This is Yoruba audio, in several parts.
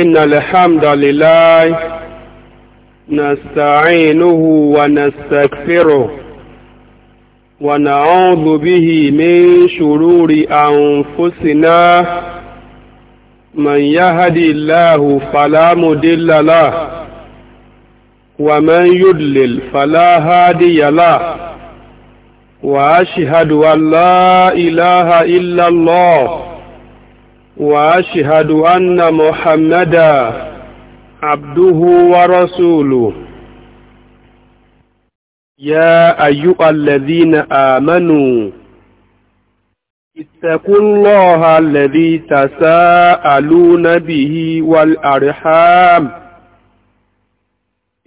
إن الحمد لله نستعينه ونستغفره ونعوذ به من شرور أنفسنا من يهدي الله فلا مدل له ومن يدلل فلا هادي له وأشهد أن لا إله إلا الله وأشهد أن محمدا عبده ورسوله يا أيها الذين آمنوا اتقوا الله الذي تساءلون به والأرحام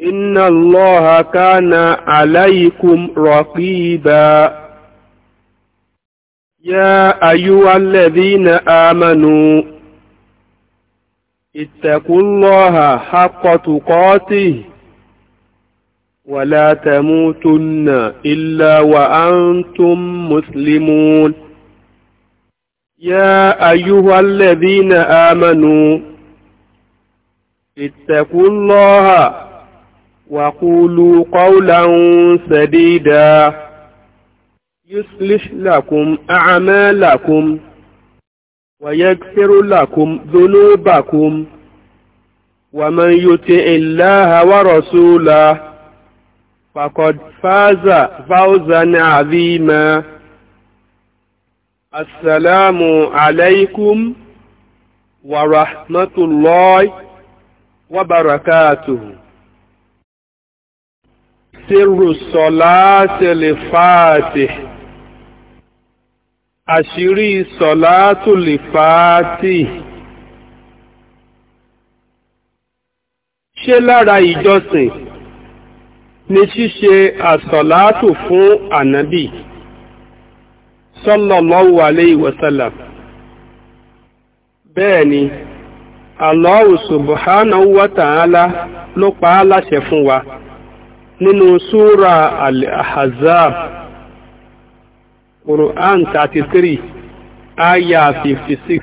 إن الله كان عليكم رقيباً يا أيها الذين آمنوا اتقوا الله حق تقاته ولا تموتن إلا وأنتم مسلمون يا أيها الذين آمنوا اتقوا الله وقولوا قولا سديدا يصلح لكم أعمالكم ويغفر لكم ذنوبكم ومن يطع الله ورسوله فقد فاز فوزا عظيما السلام عليكم ورحمة الله وبركاته سر الصلاة الفاتح àṣírí sọ̀látùlì fàátì ṣé lára ìjọsìn ni ṣíṣe àsọ̀látù fún ànábì sallallahu alayhi wa sallam bẹ́ẹ̀ ni Allahu subhanahu wa ta'ala ló pa á láṣẹ fún wa nínú súra al-Ahzab Quran 33 ayah 56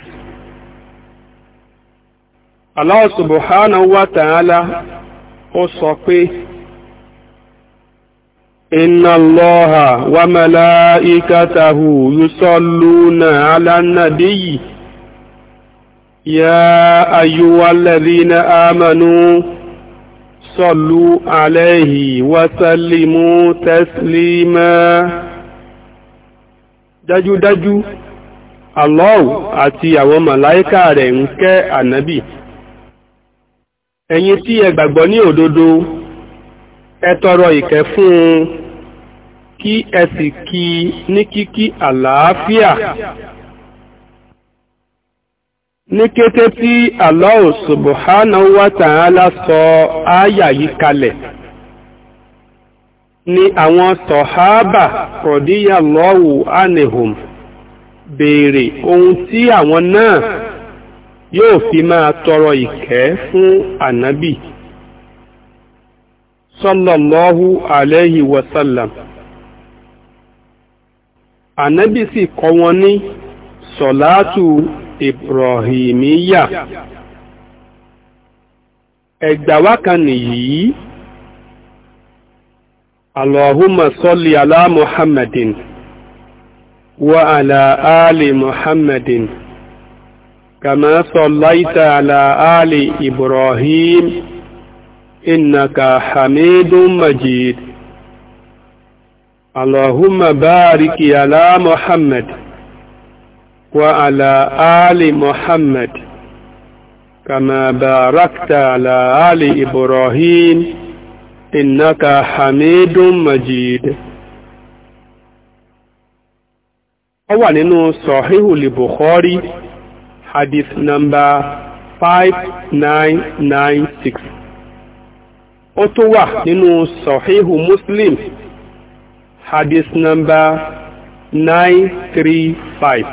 Allah subhanahu wa ta'ala ó sọ pé inna allaha wa malaikatahu yusalluna ala nabiyyi ya ayyuhalladhina amanu sallu alayhi wa sallimu taslima dájúdájú Allahu àti àwọn màláíkà rẹ̀ ń kẹ́ ànábì ẹ̀yìn tí ẹ gbàgbọ́ ní òdodo ẹ tọrọ ìkẹ́ fún un kí ẹ sì kí ní kíkí àlàáfíà ní kété tí Allahu subhanahu wa ta'ala sọ ááyà yìí kalẹ̀ ni àwọn sọ̀háábà rọ̀díyà lọ́wù anihum béèrè ohun tí àwọn náà yóò fi máa tọrọ ìkẹ́ fún ànábì sọ́lọ̀lọ́hù àlẹ́yì wasallam ànábì sì kọ́ wọn ní sọ̀látù ibrahimiya ẹ̀gbàwá kan nìyí اللهم صل على محمد وعلى آل محمد كما صليت على آل إبراهيم إنك حميد مجيد اللهم بارك على محمد وعلى آل محمد كما باركت على آل إبراهيم innaka hamidun majid ó wà nínú sọ̀híhùlì bukhari hadith number five nine nine six ó tó wà nínú sọ̀híhù muslim hadith number nine three five.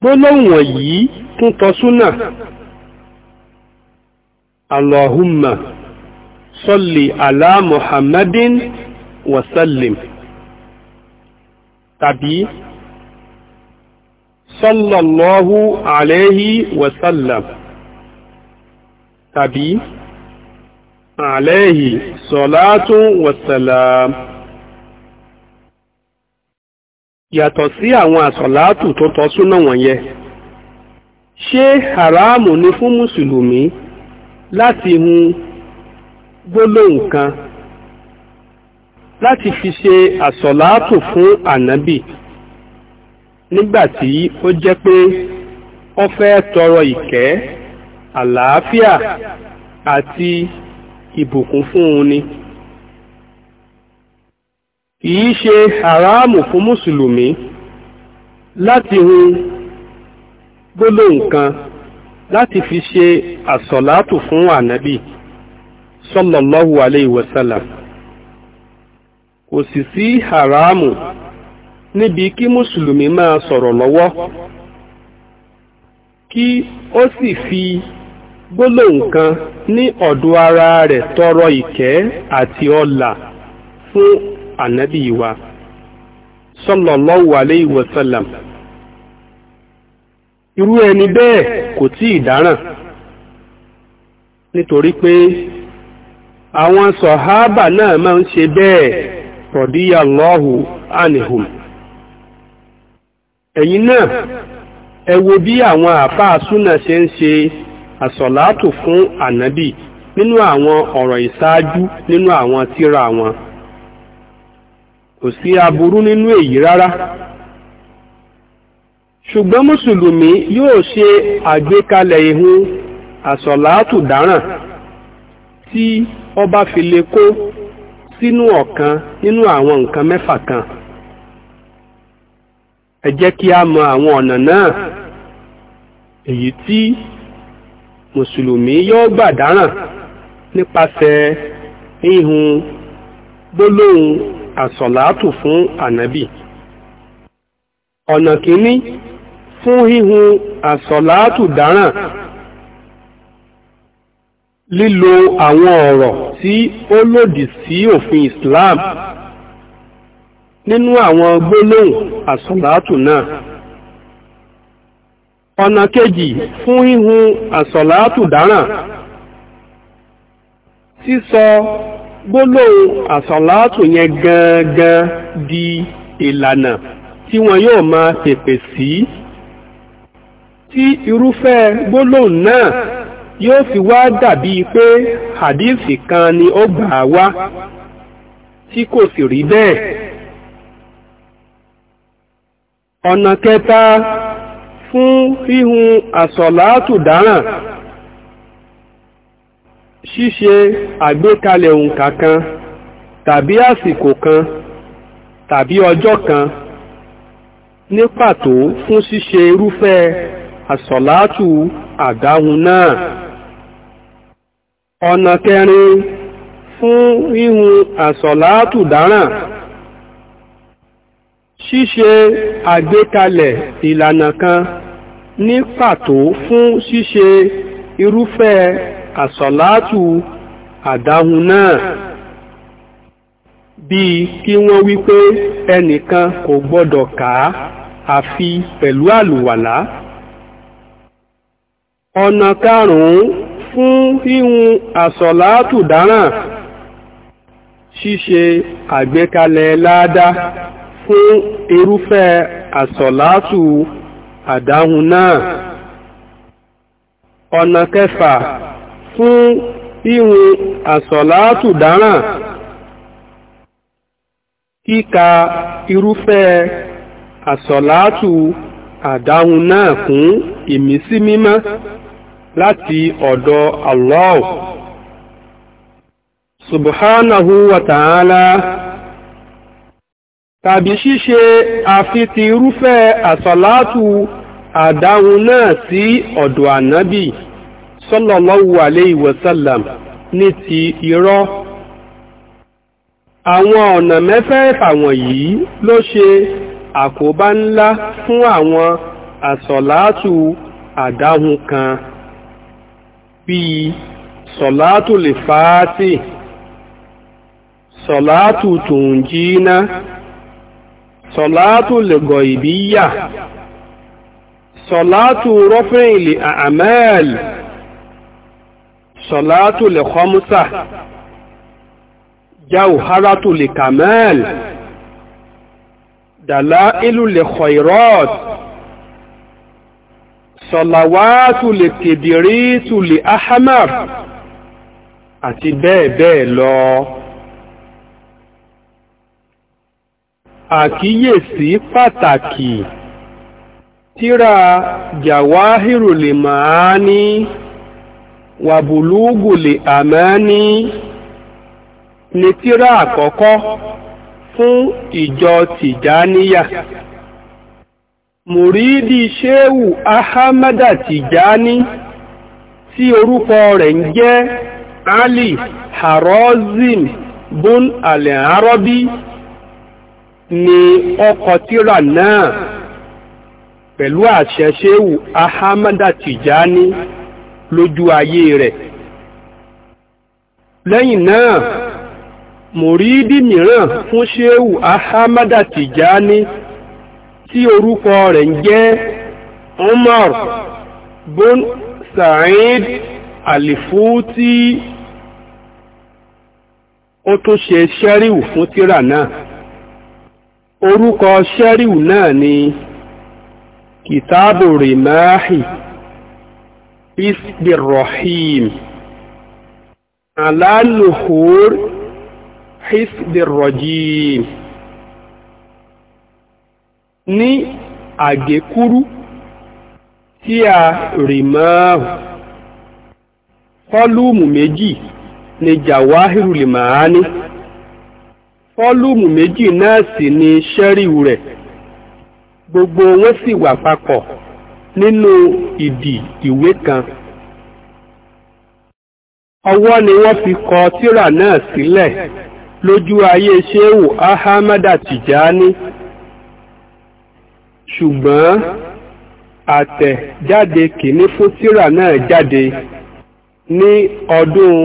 gbólóhùn wọ̀nyí tún tọ́súnà Allahumma salli ala Muhammadin wa sallim tàbí sallallahu alayhi wa sallam tàbí alayhi salatu wa salam yàtọ̀ sí àwọn àsọ̀látù tó tọ́ súnà wọ̀nyẹn ṣé haramu ni fún mùsùlùmí láti hun gbólóhùn kan láti fi ṣe àsọ̀láàtò fún ànábì nígbàtí ó jẹ́ pé ó fẹ́ tọrọ ìkẹ́ àlàáfíà àti ìbùkún fún un ni kìí ṣe haramu fún mùsùlùmí láti hun gbólóhùn kan láti fi ṣe àsọ̀látù fún ànábì sallallahu alayhi wa sallam kò sì sí haramu níbi kí mùsùlùmí máa sọ̀rọ̀ lọ́wọ́ kí ó sì fi gbólóhùn kan ní ọ̀dọ̀ ara rẹ̀ tọrọ ìkẹ́ àti ọlà fún ànábì wa sallallahu alayhi wa sallam irú ẹni bẹ́ẹ̀ kò tí ì dáràn nítorí pé àwọn sọ̀hábà náà máa ń ṣe bẹ́ẹ̀ rọ̀díyà lọ́hù ánìhùn ẹ̀yin náà ẹ wo bí àwọn àfáà súnà ṣe ń ṣe àsọ̀látù fún ànábì nínú àwọn ọ̀rọ̀ ìṣáájú nínú àwọn tírà wọn kò sí aburú nínú èyí rárá ṣùgbọ́n mùsùlùmí yóò ṣe àgbékalẹ̀ ihun àsọ̀láàtù dáràn tí ọba fi lè kó sínú ọ̀kan nínú àwọn nǹkan mẹ́fà kan ẹ jẹ́ kí a mọ àwọn ọ̀nà náà èyí tí mùsùlùmí yóò gbà dáràn nípasẹ̀ ihun gbólóhùn àsọ̀láàtù fún ànábì ọ̀nà kìíní fún híhun àsọ̀láàtù dáràn lílo àwọn ọ̀rọ̀ tí ó lòdì sí òfin Islam nínú àwọn gbólóhùn àsọ̀láàtù náà ọ̀nà kejì fún híhun àsọ̀láàtù dáràn sísọ gbólóhùn àsọ̀láàtù yẹn gangan di ìlànà tí wọn yóò máa pèpè sí tí irúfẹ́ gbólóhùn náà yóò fi wá dàbí pé hadithi kan ni ó gbà wá tí kò sì rí bẹ́ẹ̀ ọ̀nà kẹta fún híhun àsọ̀láàtù dáràn ṣíṣe àgbékalẹ̀ òǹkà kan tàbí àsìkò kan tàbí ọjọ́ kan ní pàtó fún ṣíṣe irúfẹ́ àsọ̀látù àdáhùn náà ọ̀nà kẹrin fún híhun àsọ̀látù dáràn ṣíṣe àgbékalẹ̀ ìlànà kan ní pàtó fún ṣíṣe irúfẹ́ àsọ̀látù àdáhùn náà bíi kí wọ́n wí pé ẹnìkan kò gbọ́dọ̀ kà àfi pẹ̀lú àlùwàlá ọ̀nà karùn-ún fún híhun àsọ̀látù dáràn ṣíṣe àgbékalẹ̀ láádá fún irúfẹ́ àsọ̀látù àdáhùn náà ọ̀nà kẹfà fún híhun àsọ̀látù dáràn kíka irúfẹ́ àsọ̀látù àdáhùn náà kún ìmísí mímọ́ láti ọ̀dọ̀ Allah subhanahu wa ta'ala tàbí ṣíṣe àfitì irúfẹ́ àsàlátù àdáhùn náà sí ọ̀dọ̀ ànábì sallallahu alayhi wa sallam ní ti irọ́ àwọn ọ̀nà mẹ́fẹ̀ẹ̀fà wọ̀nyí ló ṣe àkóbá ńlá fún àwọn àsàlátù àdáhùn kan bíi sọ̀látù lè fàátì sọ̀látù tùnjínà sọ̀látù lè gọ̀ ìbíyà sọ̀látù rọ́fìn ilé àmẹ́ẹ̀lì sọ̀látù lè kọmúsà jáwùhárátù lè kàmẹ́ẹ̀lì dàlá ìlú lè kọ̀ ìrọ́ọ̀tì sọ̀làwátù lè kèdìrí tù lè ahamar àti bẹ́ẹ̀ bẹ́ẹ̀ lọ àkíyèsí pàtàkì tíra jàwáhìrù lè máa ní wàbùlúgù lè àmẹ́ ní ni tíra àkọ́kọ́ fún ìjọ tìjáníyà mùrídì ṣéwù ahamada tìjáni tí orúkọ rẹ̀ ń jẹ́ ali harozim bun al-arabi ni ọkọ̀ tíra náà pẹ̀lú àṣẹ ṣéwù ahamada tìjáni lójú ayé rẹ̀ lẹ́yìn náà mùrídì mìíràn fún ṣéwù ahamada tìjáni tí orúkọ rẹ̀ ń jẹ́ Umar bon Sa'id Al-Futi ó tún ṣe ṣẹ́ríwù fún tírà náà orúkọ ṣẹ́ríwù náà ni kìtàbù rìmáhì isbirrohim alálùhùr isbirrojim ní àgékúrú tí a rì hù. fọ́lùmù méjì ni jàwáhìrù lè máa ní fọ́lùmù méjì náà sì ni ṣẹ́ríù rẹ̀ gbogbo wọn sì wà papọ̀ nínú ìdì ìwé kan ọwọ́ ni wọ́n fi kọ tíra náà sílẹ̀ lójú ayé ṣéhù ahamada tìjáni ṣùgbọ́n àtẹ̀jáde kìíní fún tírà náà jáde ní ọdún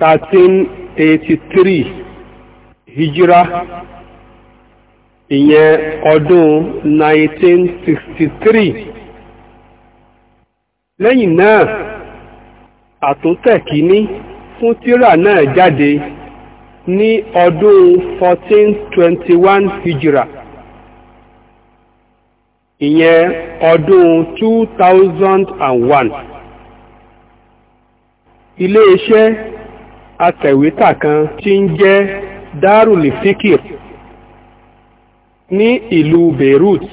1383 hijira ìyẹn ọdún 1963 lẹ́yìn náà àtúntẹ̀ kìíní fún tírà náà jáde ní ọdún 1421 hijira ìyẹn ọdún 2001 iléeṣẹ́ atẹ̀wétà kan tí ń jẹ́ darul fikir ní ìlú Beirut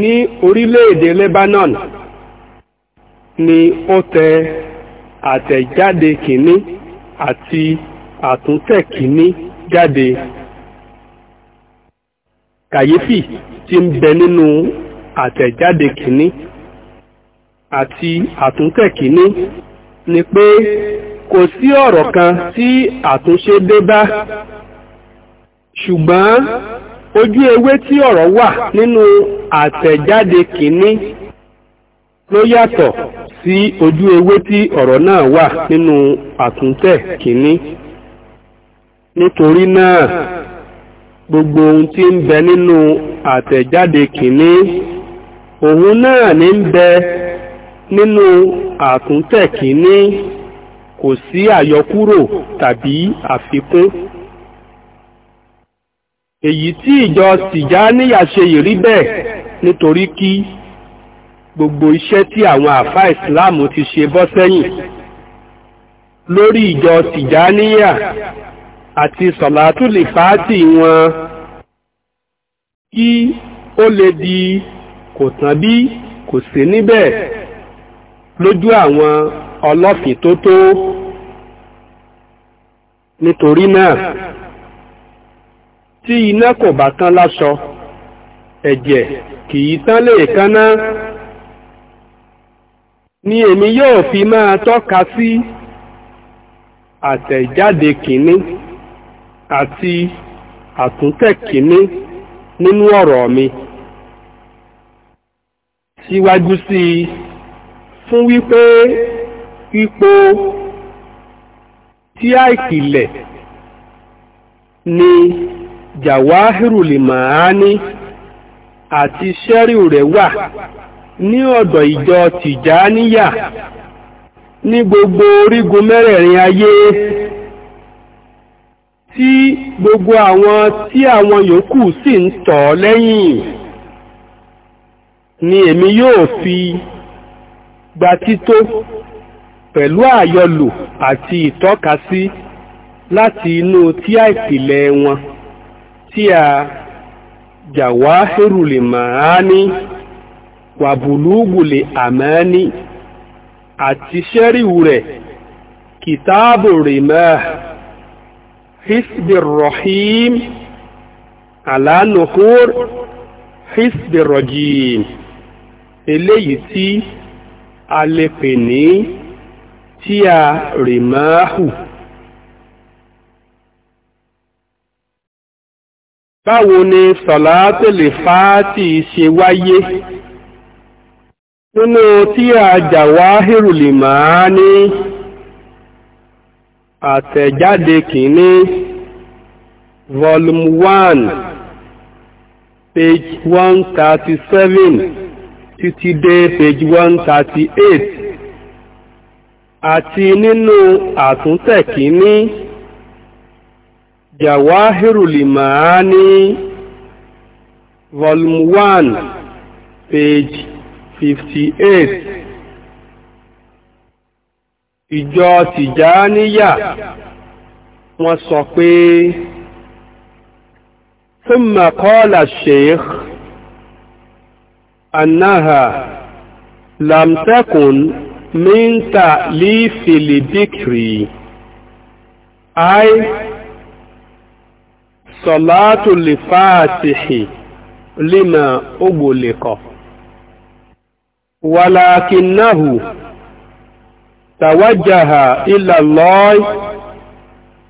ní orílẹ̀-èdè Lebanon ni ó tẹ àtẹ̀jáde kìíní àti àtúntẹ̀ kìíní jáde kàyéfì tí ń bẹ nínú àtẹ̀jáde kìíní àti àtúntẹ̀ kìíní ni pé kò sí ọ̀rọ̀ kan tí àtúnṣe dé bá ṣùgbọ́n ojú ewé tí ọ̀rọ̀ wà nínú àtẹ̀jáde kìíní ló yàtọ̀ sí ojú ewé tí ọ̀rọ̀ náà wà nínú àtúntẹ̀ kìíní nítorí náà gbogbo ohun tí ń bẹ nínú àtẹ̀jáde kìíní òun náà ní ń bẹ nínú àtúntẹ̀ kìíní kò sí àyọkúrò tàbí àfikún èyí tí ìjọ tìjáníyà ṣe ìrí bẹ́ẹ̀ nítorí kí gbogbo iṣẹ́ tí àwọn àfá ìsìláàmù ti ṣe bọ́ sẹ́yìn lórí ìjọ tìjáníyà àti sọ̀látù lè fàátì wọn kí ó lè di kò tán bí kò sí níbẹ̀ lójú àwọn ọlọ́fìn tó tó nítorí náà tí iná kò bá tán láṣọ ẹ̀jẹ̀ kì í tán lè kánná ni èmi yóò fi máa tọ́ka sí àtẹ̀jáde kìíní. àti àtúntẹ̀kíní nínú ọ̀rọ̀ mi síwájú sí i fún wípé ipò tí ni jawahirul maani àti sẹ́ríù rẹ̀ wà ní ọ̀dọ̀ ìjọ tìjáníyà ní gbogbo orígun mẹ́rẹ̀ẹ̀rin ayé tí gbogbo àwọn tí àwọn yòókù sì ń tọ̀ lẹ́yìn ni èmi yóò fi gba tító pẹ̀lú àyọlò àti ìtọ́kasí láti inú tíà ìpìlẹ̀ wọn tí a jàwáhírù lè màá ní wàbùlúùgù àmọ́ ní àti ṣẹ́ríwù rẹ̀ kìtáàbù rè máa حسب الرحيم على نحور حسب الرجيم eléyìí tí على lè pè ní tí a rè máa hù báwo ni sọ̀látẹ̀lẹ̀ ṣe wáyé nínú tí a jàwáhìrù máa ní àtẹ̀jáde kìíní volume one page one thirty seven títí dé page one thirty eight àti nínú àtúntẹ̀ kìíní Jawahirulimaani, volume one page fifty eight ìjọ tìjáníyà wọ́n sọ pé thumma qala sheikh annaha lam takun min ta'lifi lidhikri ay salatu lifatihi lima ughliqa walakinahu توجه إلى الله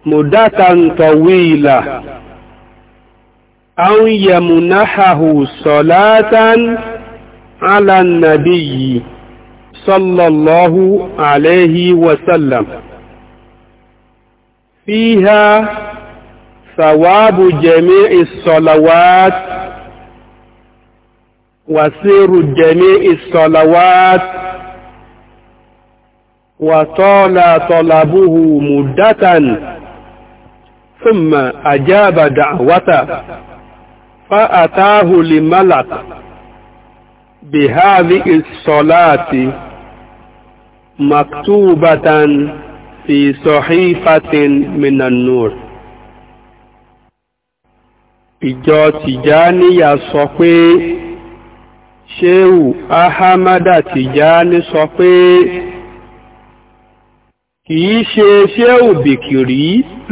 مدة طويلة أو يمنحه صلاة على النبي صلى الله عليه وسلم فيها ثواب جميع الصلوات وسير جميع الصلوات وطال طلبه مدة ثم أجاب دعوته فأتاه لملك بهذه الصلاة مكتوبة في صحيفة من النور ìjọ tìjáníyà sọ pé ṣéhù ahamada tìjáni sọ pé kì í ṣe ṣé òbìkìrí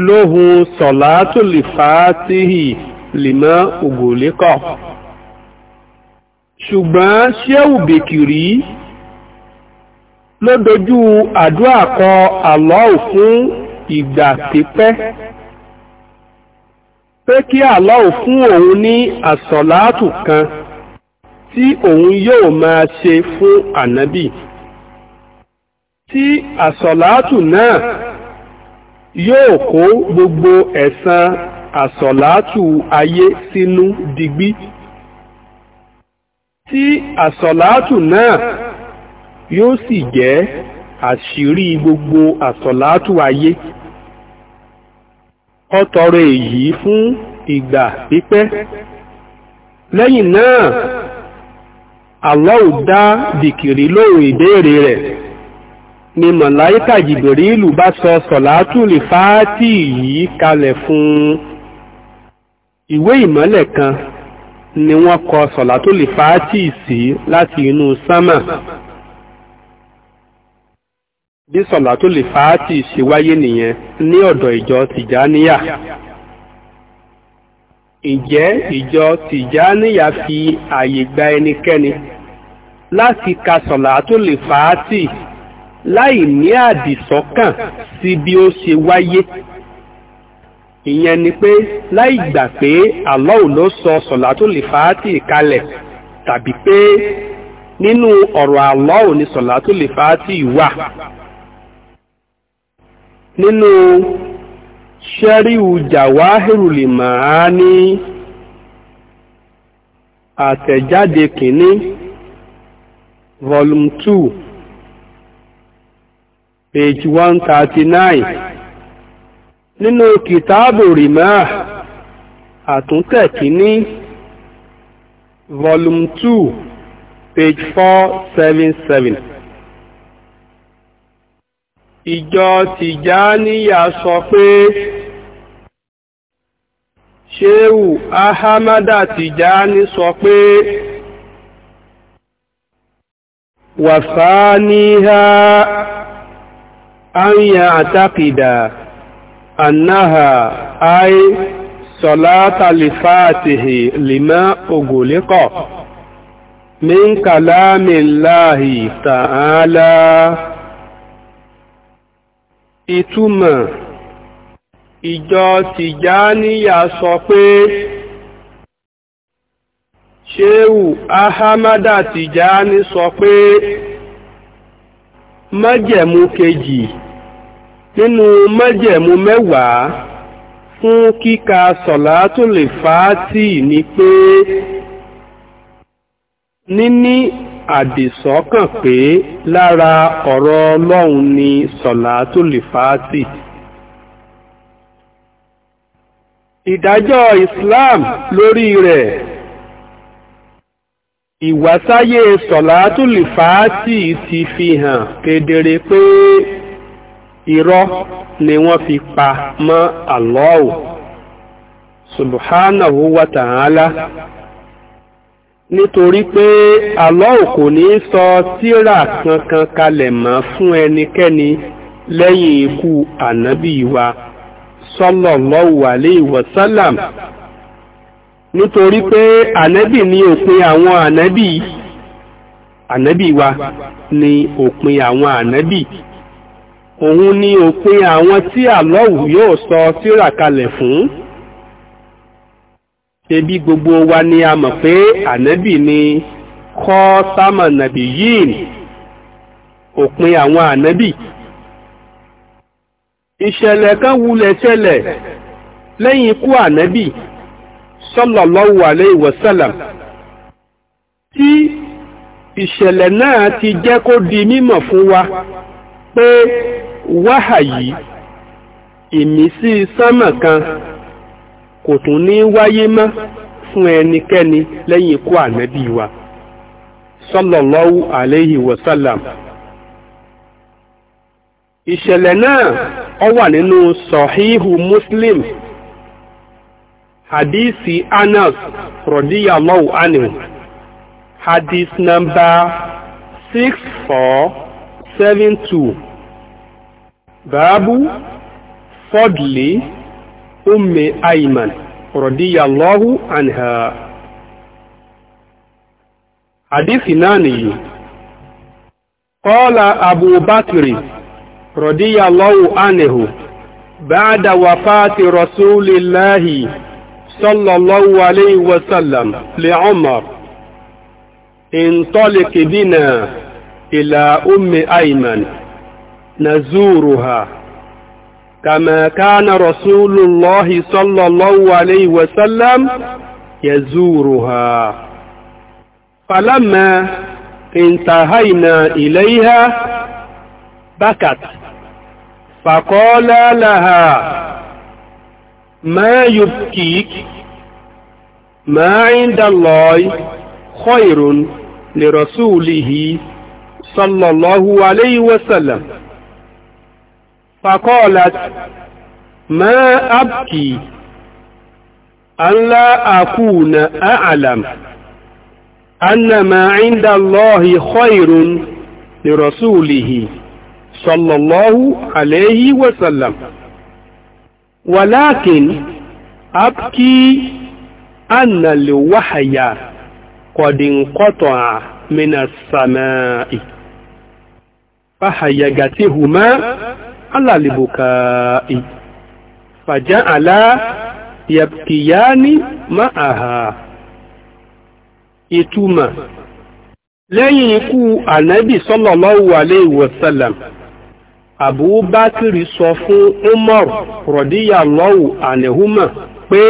lóhun sọ̀látòlìfàátìhì lèmọ́ ògòlékọ̀ ṣùgbọ́n ṣé òbìkìrí ló dojú àdúrà kọ àlọ́ọ̀ fún ìgbà pípẹ́ pé kí àlọ́ọ̀ fún òun ní àsọ̀látù kan tí òun yóò máa ṣe fún ànábì tí àsọ̀látù náà yóò kó gbogbo ẹ̀san àsọ̀látù ayé sínú digbí tí àsọ̀látù náà yóò sì jẹ́ àṣírí gbogbo àsọ̀látù ayé ó tọrọ èyí fún ìgbà pípẹ́ lẹ́yìn náà Allah dá dìkìrì lóhùn ìbéèrè rẹ̀ ni mọ̀láyíkà jìbìrìlù bá sọ sọ̀látùlì fáátì yìí kalẹ̀ fún ìwé ìmọ́lẹ̀ kan ni wọ́n kọ sọ̀látùlì fáátì sí láti inú sámà bí sọ̀látùlì fáátì ṣe wáyé nìyẹn ní ọ̀dọ̀ ìjọ tìjáníyà ǹjẹ́ ìjọ tìjáníyà fi àyè gba ẹnikẹ́ni láti ka sọ̀látùlì fáátì láì ní àdìsọ́kàn sí bí ó ṣe wáyé ìyẹn ni pé láì gbà pé Allah ló sọ sọ̀látùl fàátì kalẹ̀ tàbí pé nínú ọ̀rọ̀ Allah ni sọ̀látùl fàátì wà nínú ṣẹ́ríù jàwáhìrùl màání àtẹ̀jáde kìíní volume two page one thirty nine nínú kìtáàbù rìmáà àtúntẹ̀ kínní volume two page four seven seven. ìjọ tìjáníyà sọ pé ṣéwù ahamada tìjáni sọ pé wàfáníhá. ataida anaha ai soltalifathi lima ogoliko mi kalamilhi ka ala itụma ijo shehu ahamada tijani tijan sọkpe májẹ̀mú kejì nínú májẹ̀mú mẹ́wàá fún kíka sọ̀látùl fàátì ni pé níní àdìsọ́kàn pé lára ọ̀rọ̀ ọlọ́run ni sọ̀látùl fàátì ìdájọ́ Islam lórí rẹ̀ ìwásáyé sọ̀látùlì fàátì ti fi hàn kedere pé irọ́ ni wọ́n fi pa mọ́ Allahu subhanahu wa ta'ala nítorí pé Allahu kò ní sọ tírà kankan kalẹ̀ mọ́ fún ẹnikẹ́ni lẹ́yìn ikú ànábì wa sallallahu alayhi wa nítorí pé ànábì ni òpin àwọn ànábì ànábì wa ni òpin àwọn ànábì òun ni òpin àwọn tí àlọ́wù yóò sọ tírà kalẹ̀ fún ṣebí gbogbo wa ni a mọ̀ pé ànábì ni kọ́ sámà nàbì yìí òpin àwọn ànábì ìṣẹ̀lẹ̀ kan wulẹ̀ ṣẹlẹ̀ lẹ́yìn ikú ànábì sallallahu alayhi wa tí ìṣẹ̀lẹ̀ náà ti jẹ́ kó di mímọ̀ fún wa pé wáhàyí ìmísí sánmà kan kò tún ní wáyé mọ́ fún ẹnikẹ́ni lẹ́yìn ikú ànábì wa sallallahu alayhi wa ìṣẹ̀lẹ̀ náà ọ wà nínú sọ̀híhù muslim hadisi Anas radiyallahu anhu hadis number 6472 babu fadli ummi Ayman radiyallahu anha hadisi náà nìyí qala Abu Bakri radiyallahu anhu ba'da wafati rasulillahi صلى الله عليه وسلم لعمر انطلق بنا إلى أم أيمن نزورها كما كان رسول الله صلى الله عليه وسلم يزورها فلما انتهينا إليها بكت فقال لها ما يبكيك ما عند الله خير لرسوله صلى الله عليه وسلم فقالت ما أبكي أن لا أكون أعلم أن ما عند الله خير لرسوله صلى الله عليه وسلم ولكن أبكي أن الوحي قد انقطع من السماء فحيجتهما على البكاء فجعلا يبكيان معها إتما لن ikú النبي صلى الله عليه وسلم abubakiri sọ fún umar rọ̀díyà lọ́wù ànihuma pé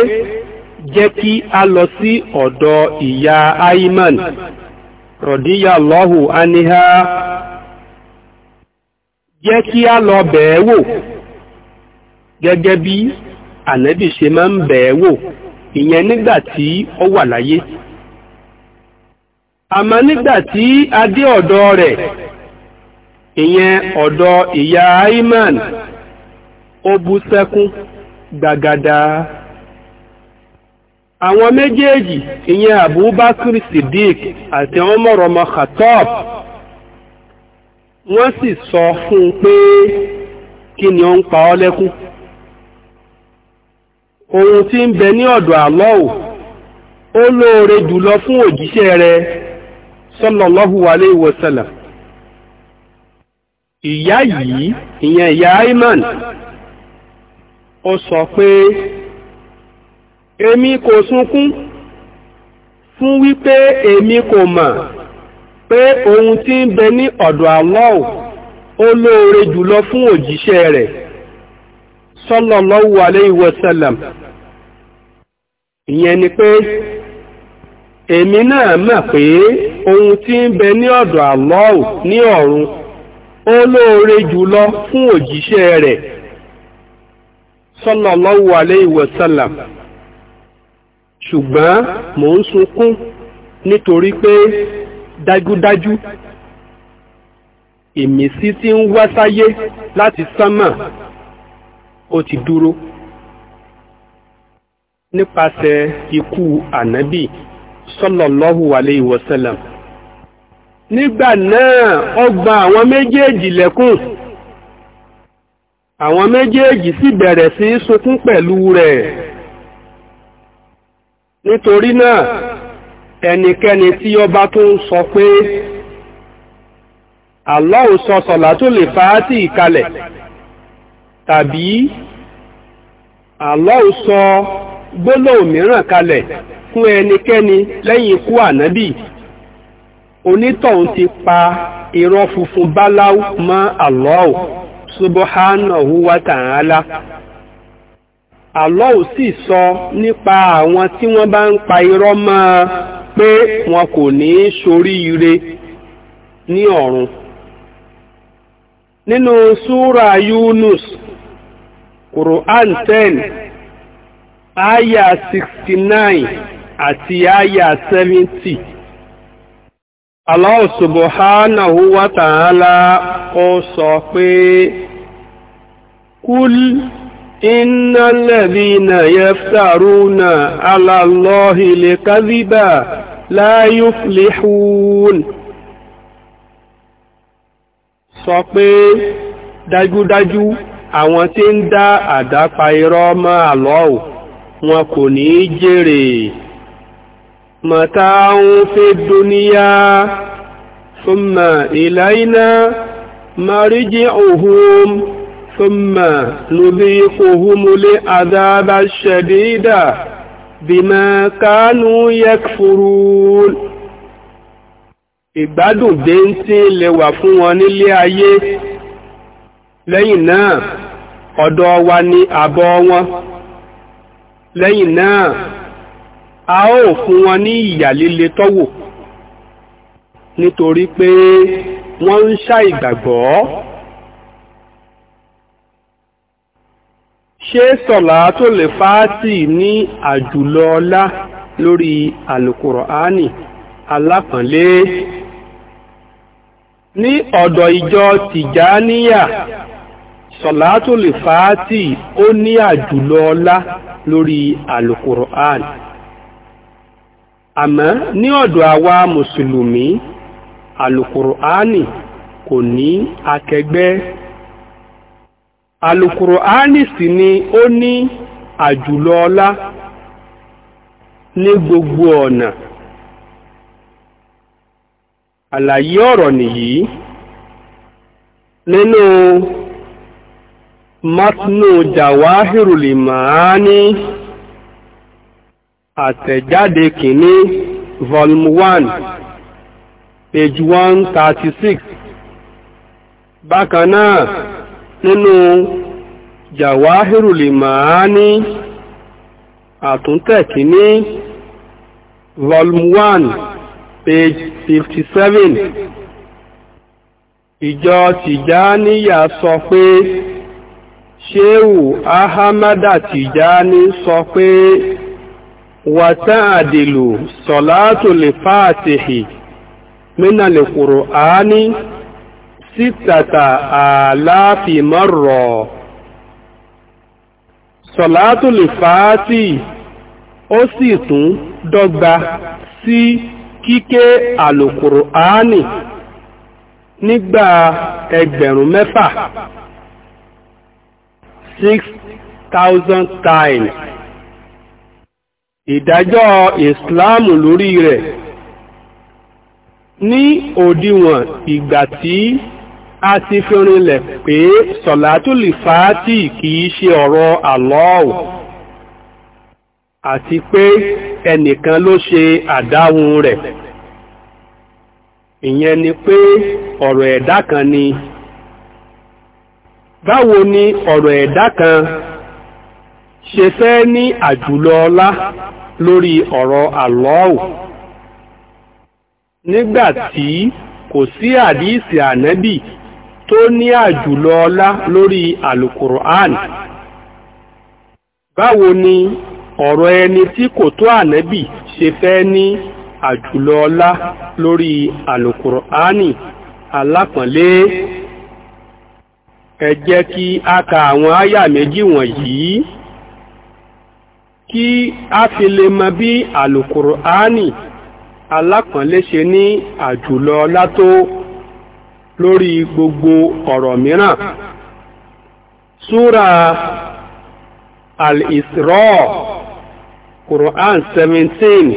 jẹ́ kí a lọ sí ọ̀dọ̀ ìyá aiman lọ́wù aniha jẹ́ kí a lọ bẹ̀ẹ́ wò gẹ́gẹ́ bí ànábì ṣe máa ń bẹ̀ẹ́ wò ìyẹn nígbà tí ó wà láyé a dé ọ̀dọ̀ rẹ̀ ìyẹn ọ̀dọ̀ ìyá Ayman ó bú sẹ́kún gbàgàdà àwọn méjèèjì ìyẹn Abubakar Siddiq àti Umar ọmọ Khattab wọ́n sì sọ fún un pé kí ni ó ń pa ọ́ lẹ́kún ohun tí ń bẹ ní ọ̀dọ̀ àlọ́ò ó lóore jùlọ fún òjíṣẹ́ rẹ̀ sallallahu alaihi wasallam ìyá yìí ìyẹn ìyá Ayman ó sọ pé èmi kò sunkún fún wípé èmi kò mọ̀ pé ohun tí ń bẹ ní ọ̀dọ̀ Allah ó lóore jùlọ fún òjíṣẹ́ rẹ̀ sallallahu alayhi wa ìyẹn ni pé èmi náà mọ̀ pé ohun tí ń bẹ ní ọ̀dọ̀ Allah ní ọ̀run ó lóore jùlọ fún òjíṣẹ́ rẹ̀ sallallahu alayhi wa sallam ṣùgbọ́n mò ń sunkún nítorí pé dájúdájú ìmísí tí ń wá sáyé láti sánmà ó ti dúró nípasẹ̀ ikú ànábì sallallahu alayhi wa nígbà náà ọ gba àwọn méjèèjì lẹ́kùn àwọn méjèèjì sì bẹ̀rẹ̀ sí sunkún pẹ̀lú rẹ̀ nítorí náà ẹnikẹ́ni tí ó bá tún sọ pé Allah sọ Salatul Fati ìkalẹ̀ tàbí Allah sọ gbólóhùn mìíràn kalẹ̀ fún ẹnikẹ́ni lẹ́yìn ikú ànábì onítọ̀hún ti pa irọ́ funfun báláú mọ́ Allah subhanahu wa ta'ala sì sọ nípa àwọn tí wọ́n bá ń pa irọ́ mọ́ ọ pé wọn kò ní í ire ní ọ̀run nínú súra Yunus Quran 10 aya 69 àti aya 70 Allah subhanahu wa ta'ala ó sọ pé kúl iná lẹ́bí na yaftaruna ala Allahi lè kadhiba la yuflihun sọ pé dájúdájú àwọn tí ń dá àdápa irọ́ mọ́ Allah wọn kò ní jèrè متاع في الدنيا ثم إلينا مرجعهم ثم نذيقهم لعذاب الشديد بما كانوا يكفرون ìgbádùn déńtí lè wà fún wọn nílé ayé lẹ́yìn náà ọ̀dọ̀ wa ni àbọ̀ wọn lẹ́yìn náà a ó fún wọn ní ìyà líle tọ́wò nítorí pé wọ́n ń ṣàìgbàgbọ́ ṣé Sọ̀látùl Fátì ní àjùlọ ọlá lórí Àlùkùránì alápọ̀nlé ní ọ̀dọ̀ ìjọ Tìjàníyà Sọ̀látùl Fátì ó ní àjùlọ ọlá lórí Àlùkùránì àmọ́ ní ọ̀dọ̀ àwa mùsùlùmí alukur'ani kò ní akẹgbẹ́ alukur'ani sì ni ó ní àjùlọ ọlá ní gbogbo ọ̀nà àlàyé ọ̀rọ̀ nìyí nínú matnu jawahirul imani. No, àtẹ̀jáde kìíní volume one page one thirty six bákan náà nínú jawahirul maani àtúntẹ̀ kìíní volume one page fifty seven ìjọ tìjáníyà sọ pé ṣéwù ahamada tìjáni sọ pé. وتعدل صلاة الفاتح من القرآن ستة آلاف مرة صلاة الفاتح ó sì tún dọ́gba sí kíké àlòkùránì nígbà ẹgbẹ̀rún mẹ́fà six thousand times ìdájọ́ ìsìláàmù lórí rẹ̀ ní òdiwọ̀n ìgbà tí a ti fi rinlẹ̀ pé sọ̀látùlì fàátì kìí ṣe ọ̀rọ̀ àlọ́ọ̀wọ̀ àti pé ẹnìkan ló ṣe àdáhùn rẹ̀ ìyẹn ni pé ọ̀rọ̀ ẹ̀dá kan ni báwo ni ọ̀rọ̀ ẹ̀dá kan ṣe fẹ́ ní àjùlọ ọlá lórí ọ̀rọ̀ àlọ́ọ̀ nígbà tí kò sí àdíìsì ànábì tó ní àjùlọ ọlá lórí àlùkùránì báwo ni ọ̀rọ̀ ẹni tí kò tó ànábì ṣe fẹ́ ní àjùlọ ọlá lórí àlùkùránì alápọ̀nlé ẹ jẹ́ kí a ka àwọn àyà méjì wọ̀nyí kí a fi lè mọ bí àlùkùránì alápọ̀nlé ṣe ní àjùlọ látó lórí gbogbo ọ̀rọ̀ mìíràn súra al-isra quran 17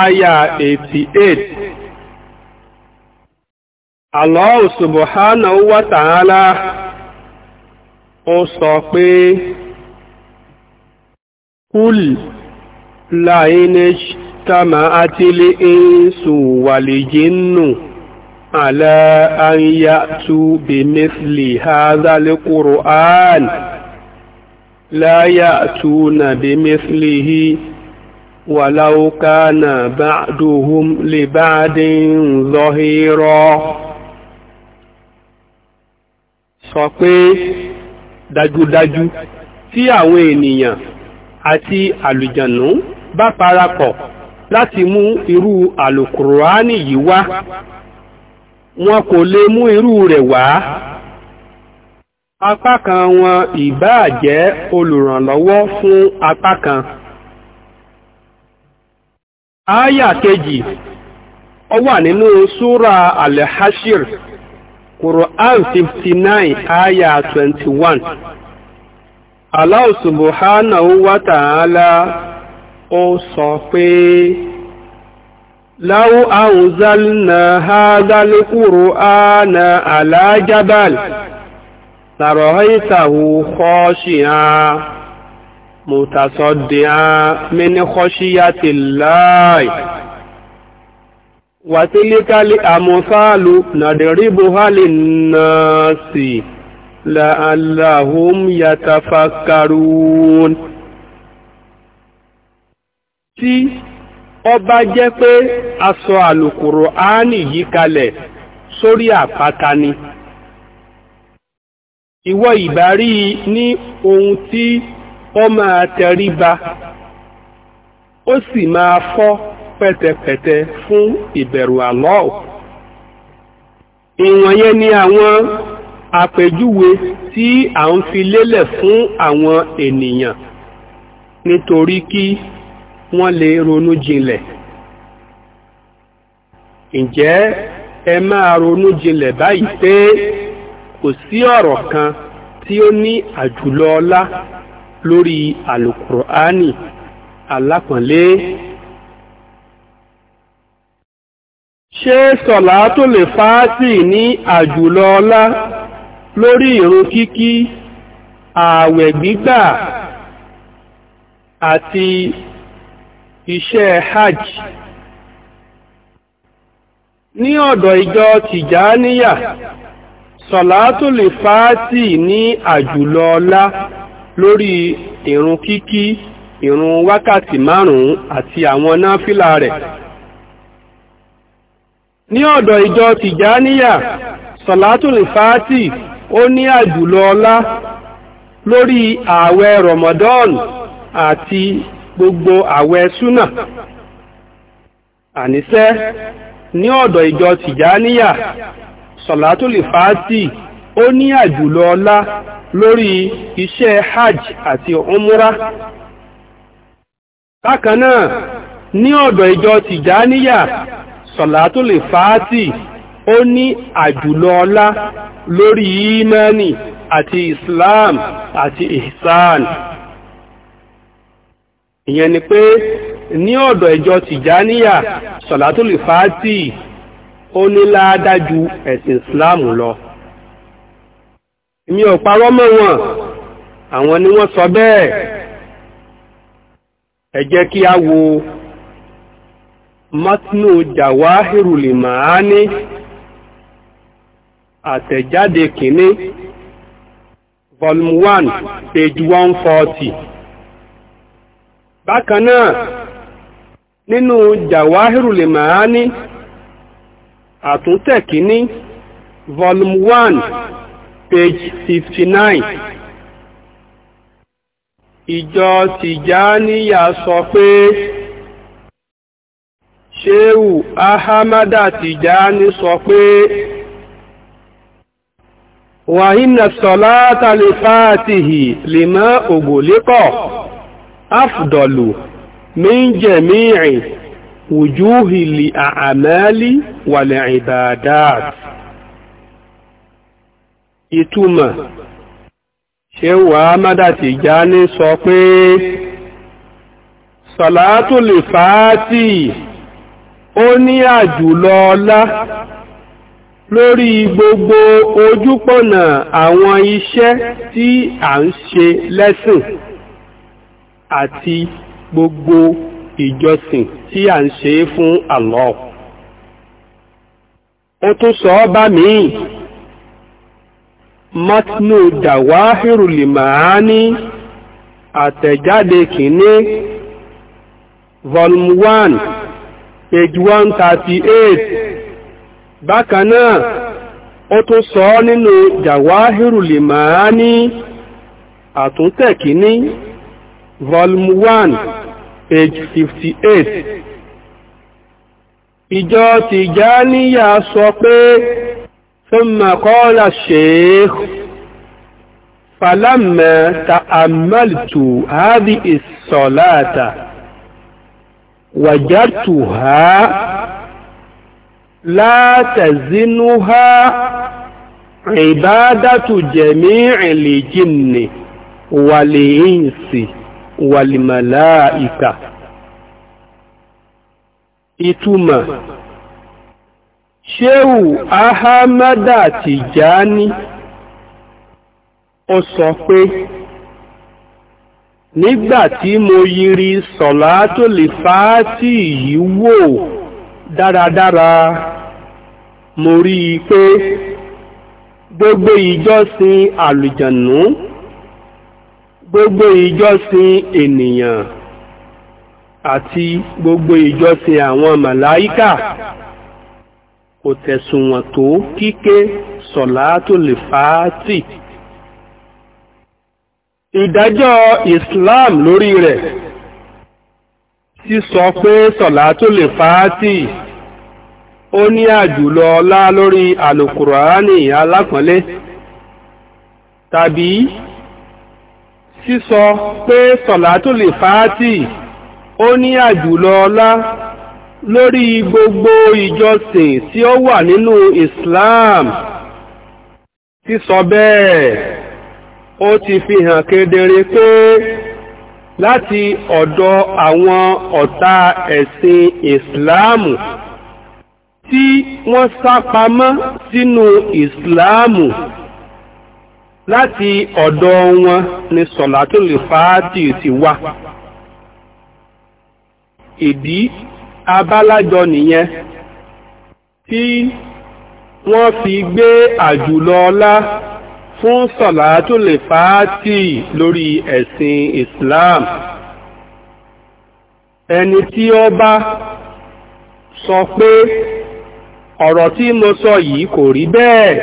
aya 88 Allah subhanahu wa ta'ala ó sọ pé قل لئن اجتمعت الإنس والجن على أن يأتوا بمثل هذا القرآن لا يأتون بمثله ولو كان بعدهم لبعد ظهيرا sọ pé dájúdájú tí àwọn ènìyàn àti àlùjànú bá parapọ̀ láti mú irú àlùkùránì yìí wá wọn kò lè mú irú rẹ̀ wá apá kan wọn ìbáà jẹ́ olùrànlọ́wọ́ fún apá kan ááyà kejì ó wà nínú súra alhashir Quran 59 ááyà 21 Allah subhanahu wa ta'ala ó sọ pé láwọ́ àwùzálnà hádálùkúrò ánà alájábàl làrọ̀hẹ́tàwò kọ́ṣíà mùtàsọ́dìá mẹ́ni kọ́ṣíyà ti láì wàtílíkálì àmúfàálù nàdẹ̀ríbùhálì náà sí لعلهم يتفكرون tí ó bá jẹ́ pé a sọ àlùkùránì yìí kalẹ̀ sórí àpáta ni ìwọ ìbárí ní ohun tí ó máa tẹríba ó sì máa fọ́ pẹ̀tẹ̀pẹ̀tẹ̀ fún ìbẹ̀rù Allah ìwọ̀nyẹn ni àwọn àpèjúwe tí à ń fi lélẹ̀ fún àwọn ènìyàn nítorí kí wọ́n lè ronú jinlẹ̀ ǹjẹ́ ẹ máa ronú jinlẹ̀ báyìí pé kò sí ọ̀rọ̀ kan tí ó ní àjùlọ ọlá lórí àlùkùránì alápọ̀nlé ṣé sọ̀lá tó lè fàátì ní àjùlọ ọlá lórí ìrun kíkí ààwẹ̀ gbígbà àti iṣẹ́ hajj ní ọ̀dọ̀ ìjọ tìjáníyà sọ̀látùlì fàátì ní àjùlọ ọlá lórí ìrun kíkí ìrun wákàtí márùn-ún àti àwọn náfìlà rẹ̀ ní ọ̀dọ̀ ìjọ tìjáníyà sọ̀látùlì fàátì ó ní àjùlọ ọlá lórí ààwẹ Ramadan àti gbogbo ààwẹ̀ súnà àníṣẹ́ ní ọ̀dọ̀ ìjọ tìjáníyà sọ̀látùlì fàátì ó ní àjùlọ ọlá lórí iṣẹ́ hajj àti umra bákan náà ní ọ̀dọ̀ ìjọ tìjáníyà sọ̀látùlì fàátì ó ní àjùlọ ọlá lórí ìmánì àti islam àti ihsan ìyẹn ni pé ní ọ̀dọ̀ ìjọ tìjáníyà sọ̀látùlì fàátì ó ní láádájú ẹ̀sìn islam lọ mi ò parọ́ mọ́ wọn àwọn ni wọ́n sọ bẹ́ẹ̀ ẹ jẹ́ kí a wo matnu jawahirul maani. àtẹ̀jáde kìíní volume 1, page one forty. bákan náà nínú jawahirul maani àtúntẹ̀ kìíní volume 1, page fifty nine. ìjọ tìjáníyà sọ pé ṣéwù ahamada tìjáni sọ pé wàhínà sọ̀látà lè fàátìhì lè mọ́ ògbòlékọ̀ afdọ̀lù méjèmírin wùjúhì lè àmàlì wàlẹ̀ ìbàdáàt ìtumọ̀ ṣe wà mádà Tìjání sọ pé sọ̀látù lè fàátìhì ó ní àjùlọ ọlá lórí gbogbo ojúpọ̀nà àwọn iṣẹ́ tí à ń ṣe lẹ́sìn àti gbogbo ìjọsìn tí à ń ṣe fún Allah ó tún sọ ọ́ bá míì matnu dawahiru limaani àtẹ̀jáde kìíní volume one page one thirty eight bákan náà ó tún sọ ọ́ nínú Jawahirul Maani àtúntẹ̀ kìíní volume one page fifty eight ìjọ Tìjàníyà sọ pé thumma qala sheikh falamma ta'ammaltu hadhihi as-salata wajadtuha látẹ̀zínúhá ìbádàtù jẹ̀mí ìlìjìnnì wàlìínsì wàlìmàláìkà ìtumọ̀ ṣéhù ahamada tìjáni ó sọ pé nígbàtí mo yiri sọ̀látò lè fàátì yìí wò dáradára mo rí i pé gbogbo ìjọsìn àlùjànnú gbogbo ìjọsìn ènìyàn àti gbogbo ìjọsìn àwọn màláíkà kò tẹ̀sùnwọ̀n tó kíké sọ̀látò lè fàátì ìdájọ́ Islam lórí rẹ̀ sísọ pé sọ̀látò lè fàátì ó ní àjùlọ ọlá lórí àlùkùránì alápọ̀nlé tàbí sísọ pé sọ̀látò lè fàátì ó ní àjùlọ ọlá lórí gbogbo ìjọsìn tí ó wà nínú Islam sísọ bẹ́ẹ̀ ó ti fi hàn kedere pé láti ọ̀dọ̀ àwọn ọ̀tá ẹ̀sìn ìsìláàmù tí wọ́n sápamọ́ sínú ìsìláàmù láti ọ̀dọ̀ wọn ni sọ̀látùl fàátì ti wá ìdí abálájọ nìyẹn tí wọ́n fi gbé àjùlọ ọlá fún sọ̀làtò lè fàátì lórí ẹ̀sìn Islam ẹni tí ó bá sọ pé ọ̀rọ̀ tí mo sọ yìí kò rí bẹ́ẹ̀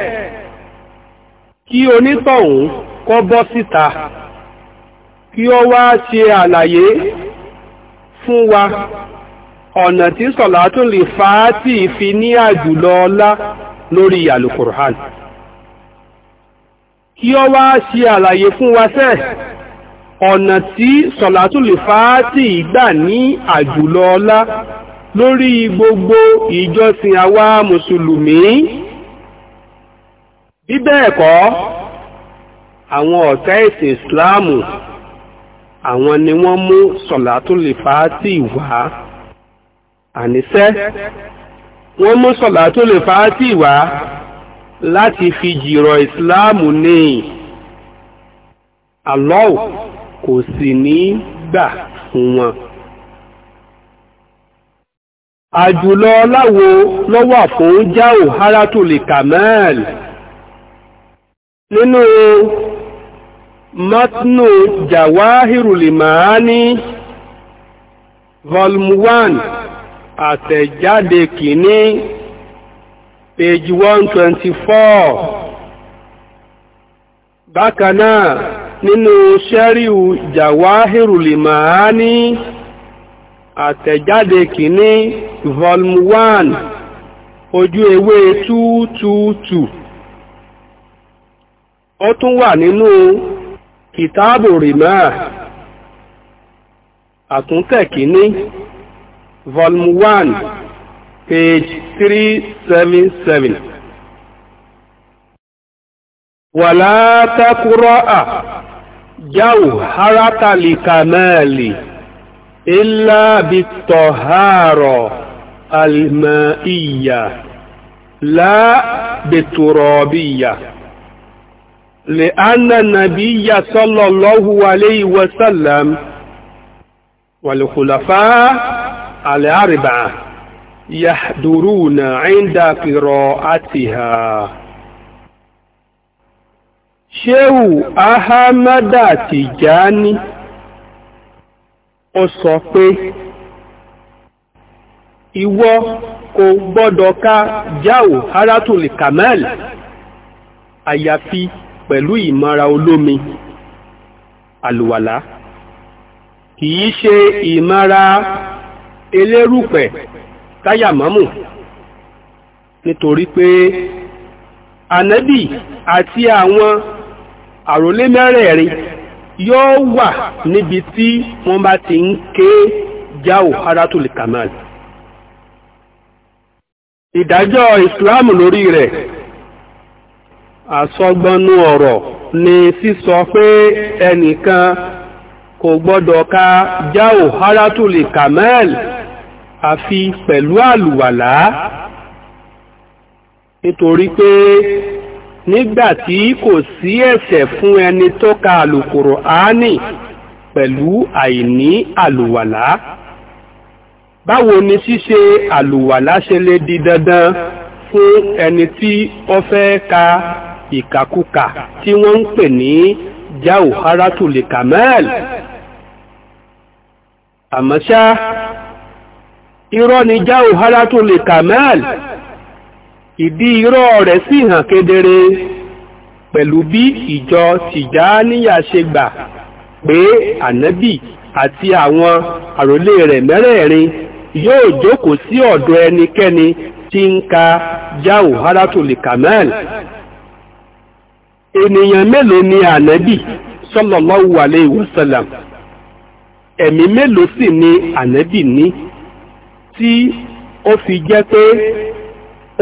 kí onítọ̀hún kó bọ́ síta kí ó wá ṣe àlàyé fún wa ọ̀nà tí sọ̀làtò lè fàátì fi ní àjùlọ ọlá lórí àlùkùrhánì kí ọ wá ṣe àlàyé fún wa sẹ́ ọ̀nà tí sọ̀látùlì fàátì gbà ní àjùlọ ọlá lórí gbogbo ìjọsìn àwa mùsùlùmí bí bẹ́ẹ̀ kọ́ àwọn ọ̀tá ẹ̀sìn ìsìláàmù àwọn ni wọ́n mú sọ̀látùlì fàátì wá àníṣẹ́ wọ́n mú sọ̀látùlì fàátì wá láti fi jìrọ̀ ìsìláàmù ní Allah kò sì ní gbà fún wọn àjùlọ láwo lọ́wà fún jáò haratul kamal nínú matnu jawahirul maani volume 1 àtẹ̀jáde kìíní page one twenty four bákan náà nínú sẹ́ríù jawahiru limaani àtẹ̀jáde kìíní volume one ojú ewé two two two ó tún wà nínú kìtáàbù rìmá àtúntẹ̀ kìíní volume one page three السم السم ولا تقرأ جوهرة الكمال إلا بالطهارة المائية لا بالترابية لأن النبي صلى الله عليه وسلم والخلفاء الأربعة yahduruna inda qira'atiha ṣéwù ahamada tìjáni ó sọ pé ìwọ kò gbọ́dọ̀ ka jáù haratul kamal àyàfi pẹ̀lú ìmọ́ra olómi àlùwàlá kìí ṣe ìmọ́ra elérùpẹ̀ káyà mọ́mù nítorí pé ànábì àti àwọn àròlé mẹ́rẹ̀ẹ̀rin yóò wà níbi tí wọ́n bá ti ń ké jáò haratul kamal ìdájọ́ Islam lórí rẹ̀ àsọgbọnú ọ̀rọ̀ ni sísọ pé ẹnìkan kò gbọ́dọ̀ ka jáò haratul kamal àfi pẹ̀lú àlùwàlá nítorí pé nígbà tí kò sí ẹ̀ṣẹ̀ fún ẹni tó ka àlùkòrò áánì pẹ̀lú àìní àlùwàlá báwo ni ṣíṣe àlùwàlá ṣe lè di dandan fún ẹni tí ó fẹ́ ka ìkàkùkà tí wọ́n ń pè ní jawharatul kamal àmọ́ ṣá irọ́ ni jáò hálátún lè kàmẹ́l ìdí irọ́ rẹ̀ sì hàn kedere pẹ̀lú bí ìjọ tìjáníyà ṣe gbà pé ànábì àti àwọn àròlé rẹ̀ mẹ́rẹ̀ẹ̀rin yóò jókòó sí ọ̀dọ̀ ẹnikẹ́ni tí ń ka jáò hálátún lè kàmẹ́l ènìyàn mélòó ni ànábì sallallahu alayhi wa ẹ̀mí mélòó sì ni ànábì ní tí ó fi jẹ́ pé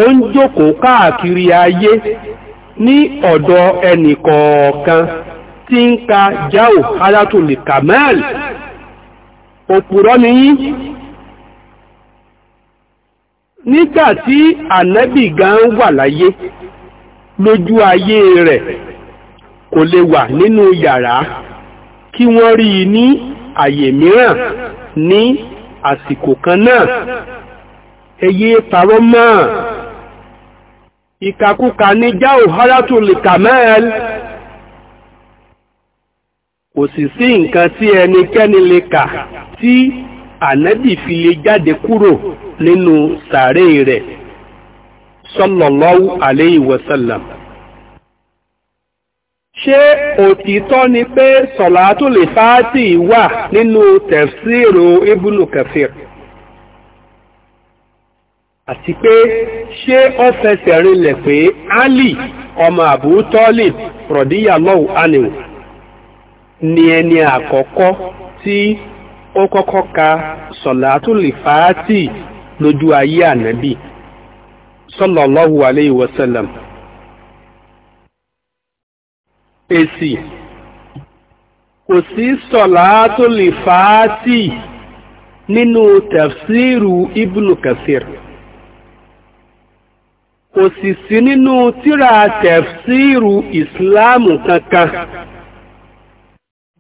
ó ń jókòó káàkiri ayé ní ọ̀dọ̀ ẹnì kọ̀ọ̀kan tí ń ka jáò alátùlì kamal òpùrọ́ ni yín nígbà tí ànábì gan wà láyé lójú ayé rẹ̀ kò lè wà nínú yàrá kí wọ́n rí i ní àyè mìíràn ní àsìkò kan náà èyí pàrọ̀ mọ́ ìkàkùkà ní jáò haratul kamal kò sì sí nǹkan tí ẹnikẹ́ni lè kà tí ànábì fi lè jáde kúrò nínú sàárè rẹ̀ sallallahu alayhi wa ṣé òtítọ́ ni pé sọ̀làtò lè fàátì wà nínú tẹ̀fsíìrò ibùnú kẹfìr àti pé ṣé ó fẹsẹ̀ rinlẹ̀ pé ali ọmọ àbú tọ́lìb rọ̀díyàlọ́wù ánìwò ni ẹni àkọ́kọ́ tí ó kọ́kọ́ ka sọ̀làtò lè fàátì lójú ayé ànábì sọ́lọ̀lọ́wù aléyìí wọ́sẹ̀lẹ̀mù èsì kò sí sọ̀látò lè fàátì nínú tafsiru ibnu kasir kò sì sí nínú tíra tafsiru Islamu kankan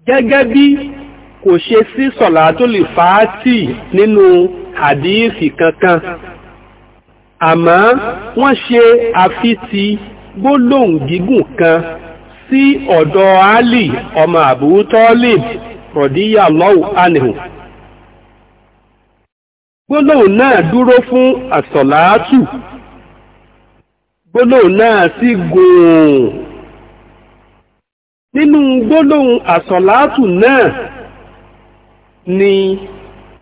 gẹ́gẹ́ bí kò ṣe sí sọ̀látò lè fàátì nínú hadithi kankan àmọ́ wọ́n ṣe àfitì gbólóhùn gígùn kan sí ọ̀dọ̀ Ali ọmọ Abu Talib radiyallahu anhu gbólóhùn náà dúró fún àsọ̀láátù gbólóhùn náà sì gùn nínú gbólóhùn àsọ̀láátù náà ni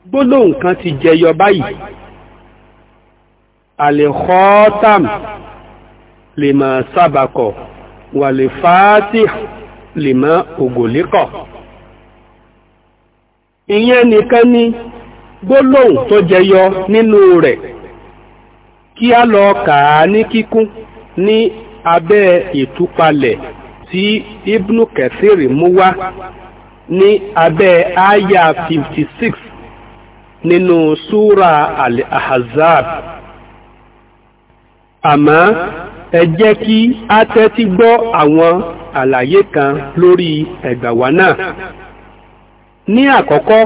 gbólóhùn kan ti jẹyọ báyìí àlèkọ́ọ́tàm lè máa sábàkọ̀ wàlẹ̀ fàátì lèmọ́ ògòlékọ̀ ìyẹn nìkan ni gbólóhùn tó jẹyọ nínú rẹ̀ kí a lọ kà á ní kíkún ní abẹ́ ìtúpalẹ̀ tí ibnu kẹsìrì mú wá ní abẹ́ aya 56 nínú súra al-ahzab àmọ́ ẹ jẹ́ kí a tẹ́tí gbọ́ àwọn àlàyé kan lórí ẹ̀gbàwá náà. ní àkọ́kọ́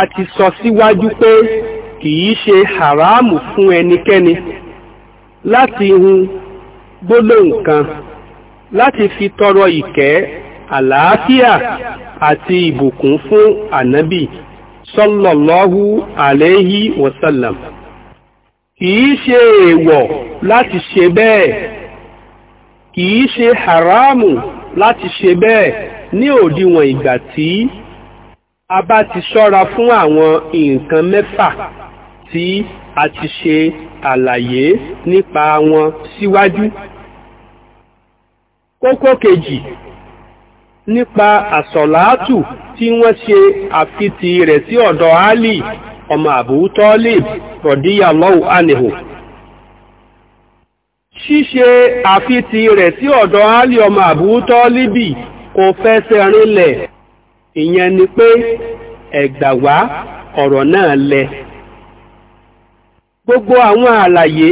a ti sọ síwájú pé kìí ṣe haramu fún ẹnikẹ́ni láti hun gbólóhùn kan láti fi tọrọ ìkẹ́ àlàáfíà àti ìbùkún fún ànábì sọlọlọ́hu àléhí wọ́sálàmù kìí ṣe èèwọ̀ láti ṣe bẹ́ẹ̀ kìí ṣe haramu láti ṣe bẹ́ẹ̀ ní òdiwọ̀n ìgbà tí a bá ti ṣọ́ra fún àwọn nǹkan mẹ́fà tí a ti ṣe àlàyé nípa wọn síwájú kókó kejì nípa àsọ̀láàtù tí wọ́n ṣe àfitì rẹ̀ sí ọ̀dọ̀ Álì ọmọ Abu Talib radiyallahu anhu ṣíṣe àfitì rẹ̀ tí ọ̀dọ̀ Ali ọmọ Abu Talibi kò fẹsẹ̀ rinlẹ̀ ìyẹn ni pé ẹ̀gbàwá ọ̀rọ̀ náà lẹ gbogbo àwọn àlàyé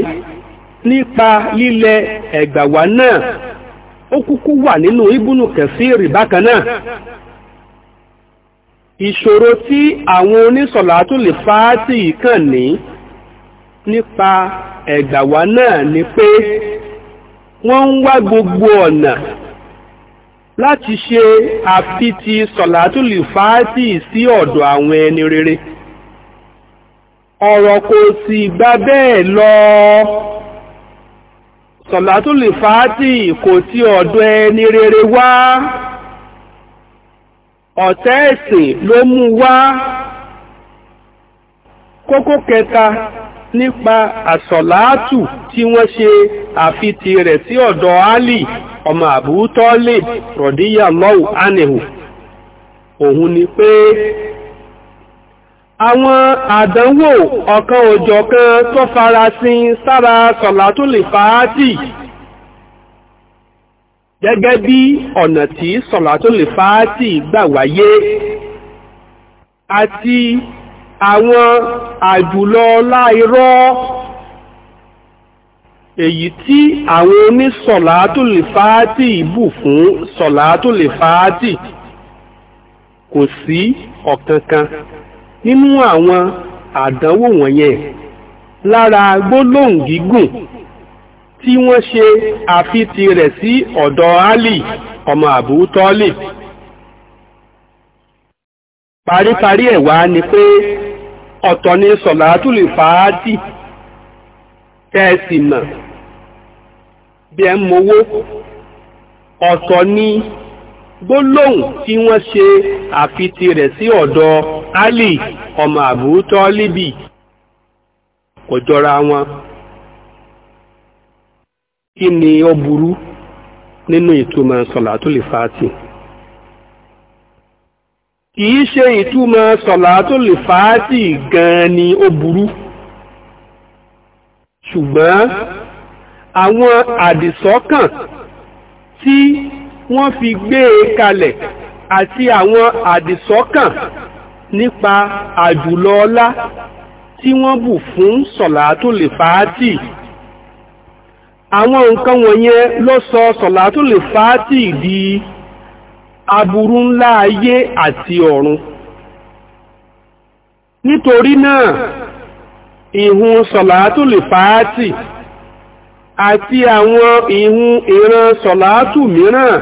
nípa lílẹ ẹ̀gbàwá náà ó kúkú wà nínú Ibnu Kathir bákan náà ìṣòro tí àwọn onísọ̀látù lè fàátì kàn ní nípa ẹ̀gbàwá náà ni pé wọ́n ń wá gbogbo ọ̀nà láti ṣe àfitì sọ̀látù lè fàátì sí ọ̀dọ̀ àwọn ẹni rere ọ̀rọ̀ kò sì gbà bẹ́ẹ̀ lọ sọ̀látù lè fàátì kò ti ọ̀dọ̀ ẹni rere wá ọ̀tá ẹ̀sìn ló mú wá kókó kẹta nípa àsọ̀láàtù tí wọ́n ṣe àfitì rẹ̀ sí ọ̀dọ̀ Ali ọmọ Abu Talib radiyallahu anhu òun ni pé àwọn àdánwò ọ̀kan òjọ̀kan tó farasin sára sọ̀látùlì fàátì gẹ́gẹ́ bí ọ̀nà tí sọ̀làtòlè fàátì gbà wáyé àti àwọn àjùlọ láìrọ́ èyí tí àwọn onísọ̀làtòlè fàátì bù fún sọ̀làtòlè fàátì kò sí ọ̀kankan nínú àwọn àdánwò wọ̀nyẹn lára gbólóhùn gígùn tí wọ́n ṣe àfitì rẹ̀ sí ọ̀dọ̀ Ali ọmọ Abu Talib paríparí ẹ̀ wá ni pé ọ̀tọ̀ ni sọ̀làtúlì fàájì tẹ́ẹ̀sì mọ̀ bí ẹ ń mowó ọ̀tọ̀ ni gbólóhùn tí wọ́n ṣe àfitì rẹ̀ sí ọ̀dọ̀ Ali ọmọ Abu Talibi kò jọra wọn kí ni ó burú nínú ìtumọ̀ sọ̀làtúlì fàátì kìí ṣe ìtumọ̀ sọ̀làtúlì fàátì gan-an ni ó burú ṣùgbọ́n àwọn àdìsọ́kàn tí wọ́n fi gbé e kalẹ̀ àti àwọn àdìsọ́kàn nípa àjùlọ ọlá tí wọ́n bù fún sọ̀làtúlì fàátì àwọn nǹkan wọ̀nyẹn ló sọ sọ̀látù lè fàátì di aburú ńlá ayé àti ọ̀run nítorí náà ìhun sọ̀látù lè fàátì àti àwọn ìhun ìran sọ̀látù mìíràn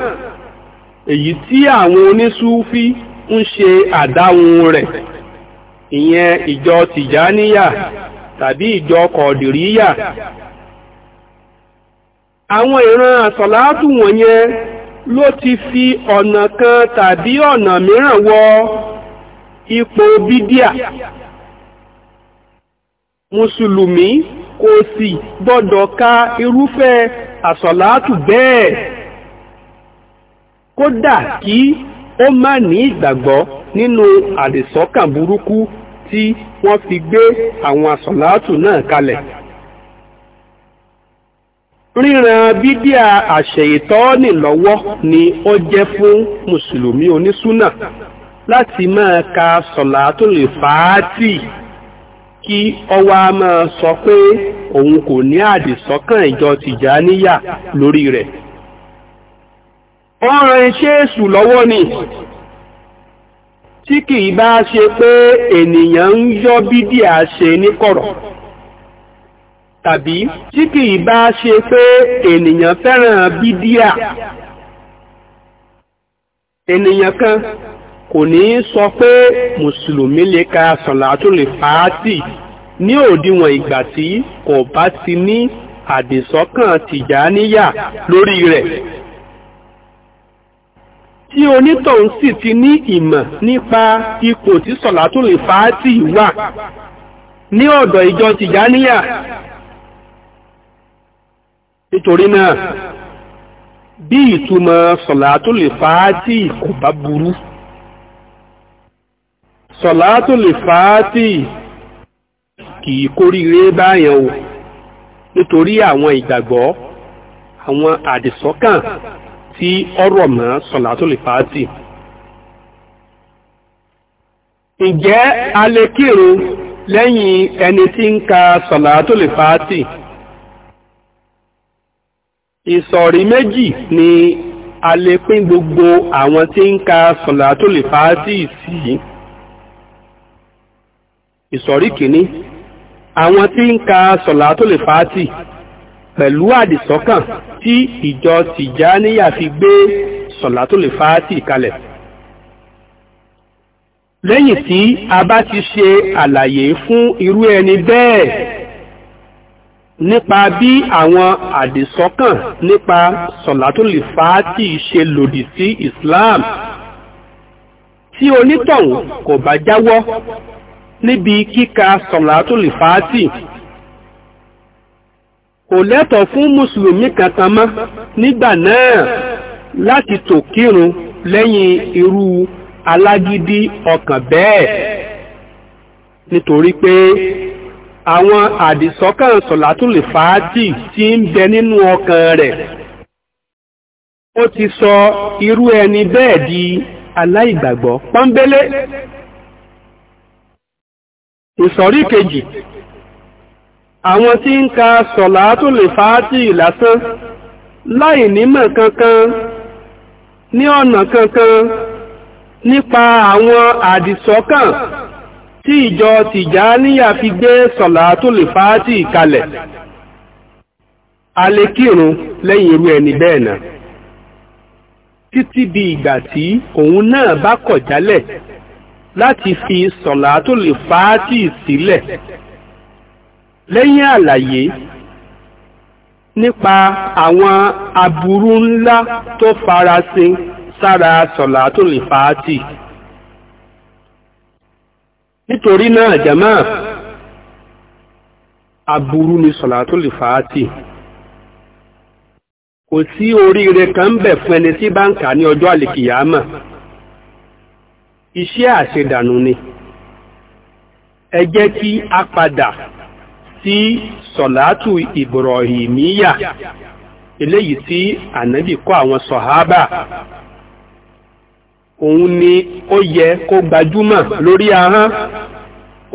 èyí tí àwọn onísúfí ń ṣe àdáhùn rẹ̀ ìyẹn ìjọ tìjáníyà tàbí ìjọ kọ̀dìríyà àwọn ìran àsọ̀látù wọ̀nyẹn ló ti fi ọ̀nà kan tàbí ọ̀nà mìíràn wọ ipò bídíà musulumi kò sì gbọ́dọ̀ ka irúfẹ́ àsọ̀látù bẹ́ẹ̀ kódà kí ó má ní ìgbàgbọ́ nínú àdìsọ́kàn burúkú tí wọ́n fi gbé àwọn àsọ̀látù náà kalẹ̀ ríran bídíà àṣẹ̀yìtọ́ọ̀nì lọ́wọ́ ni ó jẹ́ fún mùsùlùmí onísúnà láti máa ka sọ̀làtòlè fàátì kí ọwọ́ a máa sọ pé òun kò ní àdìsọ́kàn ìjọ tìjàníyà lórí rẹ̀. wọ́n ran iṣẹ́ èṣù lọ́wọ́ ni tí kì í bá ṣe pé ènìyàn ń yọ bídíà ṣe níkọ̀rọ̀ tàbí tí kìí bá ṣe pé ènìyàn fẹ́ràn bídíà ènìyàn kan kò ní sọ pé mùsùlùmí lè ka sọ̀làtò lè fàátì ní òdiwọ̀n ìgbà tí kò bá ti ní àdìsọ́kàn tìjàníyà lórí rẹ̀ tí onítọ̀hún sì ti ní ìmọ̀ nípa ipò tí sọ̀làtò lè fàátì wà ní ọ̀dọ̀ ìjọ tìjàníyà nítorí náà bí ìtumọ̀ sọ̀làtún lè fà á tí kò bá burú sọ̀làtún lè fà á tí kì í kóríire báyẹn o nítorí àwọn ìgbàgbọ́ àwọn àdìsọ́kàn tí ọ̀rọ̀ mọ́ sọ̀làtún ǹjẹ́ a lè kírun lẹ́yìn ẹni tí ń ka sọ̀làtún ìsọ̀rí méjì ni a lè pín gbogbo àwọn tí ń ka sọ̀làtòlè fàátì sí ìsọ̀rí kìíní àwọn tí ń ka sọ̀làtòlè fàátì pẹ̀lú àdìsọ́kàn tí ìjọ tìjáníyà fi gbé sọ̀làtòlè fàátì kalẹ̀ lẹ́yìn tí a bá ti ṣe àlàyé fún irú ẹni bẹ́ẹ̀ nípa bí àwọn àdìsọ́kàn nípa sọ̀látòlì fàátì ṣe lòdì sí Islam tí onítọ̀hún kò bá jáwọ́ níbi kíka sọ̀látòlì fàátì kò lẹ́tọ̀ fún mùsùlùmí kankan mọ́ nígbà náà láti tò kírun lẹ́yìn irú alágídí ọkàn bẹ́ẹ̀ nítorí pé àwọn àdìsọ́kàn sọ̀látùlì fàájì tí ń bẹ nínú ọkàn rẹ̀ ó ti sọ irú ẹni bẹ́ẹ̀ di aláìgbàgbọ́ pọ́nbélé ìsọ̀rí kejì àwọn tí ń ka sọ̀látùlì fàájì lásán láì nímọ̀ kankan ní ọ̀nà kankan nípa àwọn àdìsọ́kàn tí ìjọ tìjáníyà fi gbé sọ̀làtòlè fàátì kalẹ̀ a lè kírun lẹ́yìn irú ẹni bẹ́ẹ̀ náà títí di ìgbà tí òun náà bá kọ̀ jálẹ̀ láti fi sọ̀làtòlè fàátì sílẹ̀ lẹ́yìn àlàyé nípa àwọn aburú ńlá tó farasin sára sọ̀làtòlè fàátì. nítorí náà jama aburú ni sọ̀làtúlì fàátì kò sí oríire kan bẹ̀ fún ẹni tí bá ń kà ní ọjọ́ a iṣẹ́ àṣedànù ni ẹ jẹ́ kí a padà sí sọ̀làtù Iborohimiya eléyìí tí ànábì kọ́ àwọn sọ̀hábà òun ni ó yẹ kó gbajúmọ̀ lórí ahọ́n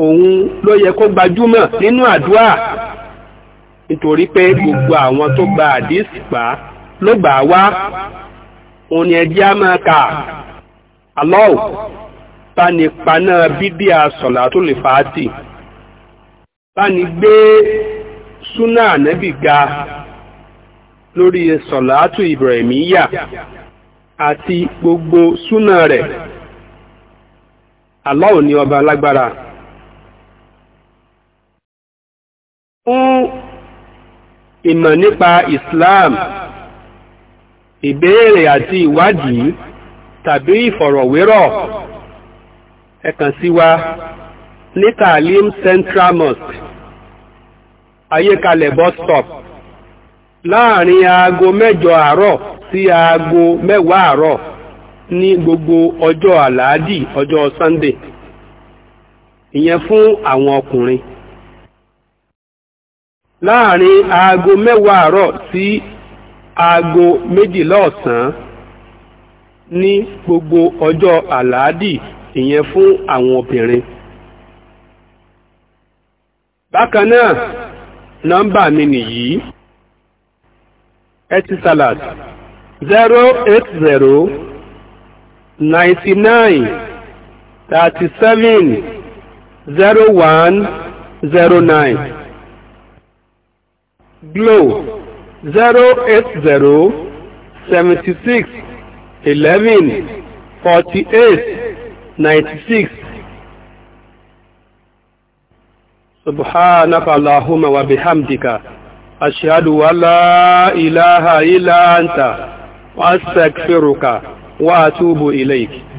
òun ló yẹ kó gbajúmọ̀ nínú àdúrà nítorí pé gbogbo àwọn tó gba àdísì pa ló gbà wá òun ni ẹjẹ́ á máa kà alọ́ọ̀ báni paná bídíà sọ̀lá tó lè fàátì báni gbé súnà ànẹ́bì ga lórí sọ̀lá tó Ibrahimiyya. àti gbogbo súnà rẹ̀ Allah ni ọba alágbára fún ìmọ̀ nípa Islam ìbéèrè àti ìwádìí tàbí ìfọ̀rọ̀wérọ̀ ẹ kàn sí wa ní Talim Central Mosque ayékalẹ̀ bus stop láàrin aago mẹ́jọ àárọ̀ sí aago mẹ́wàá àárọ̀ ní gbogbo ọjọ́ àlàádì ọjọ́ sunday ìyẹn fún àwọn ọkùnrin láàrin aago mẹ́wàá àárọ̀ sí aago méjìlá ọ̀sán ní gbogbo ọjọ́ àlàádì ìyẹn fún àwọn obìnrin bákan náà nọ́mbà mi nìyí etisalat zero eight zero ninety nine thirty seven zero one zero nine glow zero eight zero seventy six eleven forty eight ninety six. سبحانك اللهم وبحمدك أشهد أن لا إله إلا أنت واستغفرك واتوب اليك